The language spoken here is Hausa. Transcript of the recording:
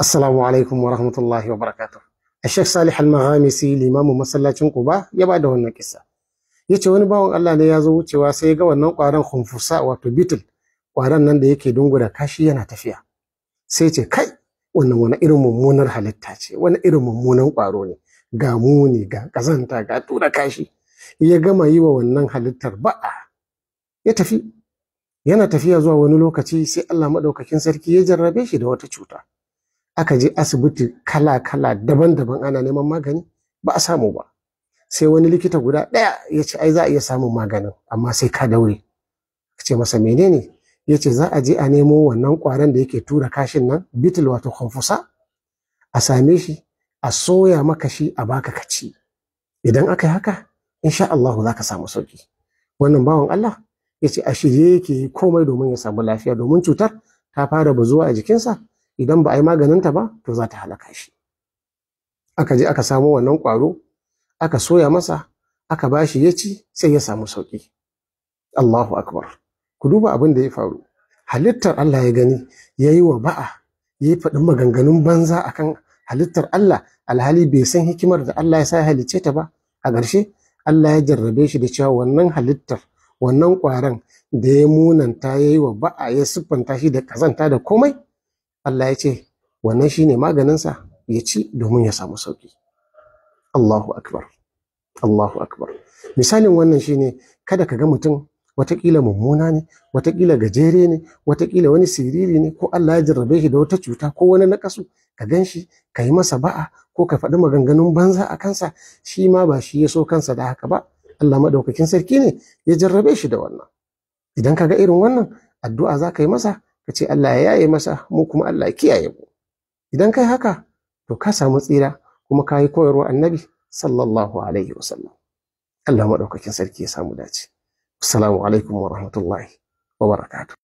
Assalamu alaikum wa rahmatullahi wa barakatuh. Sheikh Salih Al-Maghamisi limamin masallacin Quba ya ba da wannan kissa. Yace wani bawan Allah ne ya zo wucewa sai ya ga wannan kwaron khunfusa wato beetle, kwaron nan da yake dungura kashi yana tafiya. Sai ce kai wannan wani irin mummunar halitta ce, wani irin mummunan kwaro ne, ga muni, ga kazanta, ga tura kashi. Ya gama yi wa wannan halittar ba'a. Ya tafi yana tafiya zuwa wani lokaci sai Allah madaukakin sarki ya jarrabe shi da wata cuta. aka je asibiti kala-kala daban-daban ana neman magani ba a samu ba sai wani likita guda ɗaya ya ce ai za a iya samun maganin amma sai ka daure ka ce masa menene ya ce za a je a nemo wannan ƙwaron da yake tura kashin nan bitil wato kwamfusa a same shi a soya maka shi a baka ka ci idan aka yi haka insha Allah za ka samu sauki wannan bawan Allah ya ce a shirye yake komai domin ya samu lafiya domin cutar ta fara bazuwa a jikinsa idan ba a yi maganinta ba to za ta halaka shi aka je aka samo wannan ƙwaro aka soya masa aka bashi ya ci sai ya samu sauƙi Allahu akbar ku duba abin da ya faru halittar Allah ya gani ya yi wa ba'a ya yi faɗin maganganun banza akan halittar Allah alhali bai san hikimar da Allah ya sa halicce ta ba a ƙarshe Allah ya jarrabe shi da cewa wannan halittar wannan ƙwaron da ya munanta ya yi wa ba'a ya siffanta shi da ƙazanta da komai Allah ya ce wannan shine maganinsa ya ci domin ya samu sauki Allahu akbar Allahu akbar misalin wannan shine kada ka ga mutum watakila mummuna ne watakila gajere ne watakila wani siriri ne ko Allah ya jarrabe shi da wata cuta ko wani nakasu ka gan shi ka yi masa ba'a ko ka faɗi maganganun banza a kansa shi ma ba shi ya so kansa da haka ba Allah maɗaukakin sarki ne ya jarrabe shi da wannan idan ka ga irin wannan addu'a za ka yi masa ka ce Allah ya yaye masa mu kuma Allah ya kiyaye mu idan kai haka to ka samu tsira kuma ka yi koyarwa annabi sallallahu alaihi wa sallam Allah maɗaukakin sarki ya samu dace assalamu alaikum wa rahmatullahi wa barakatuh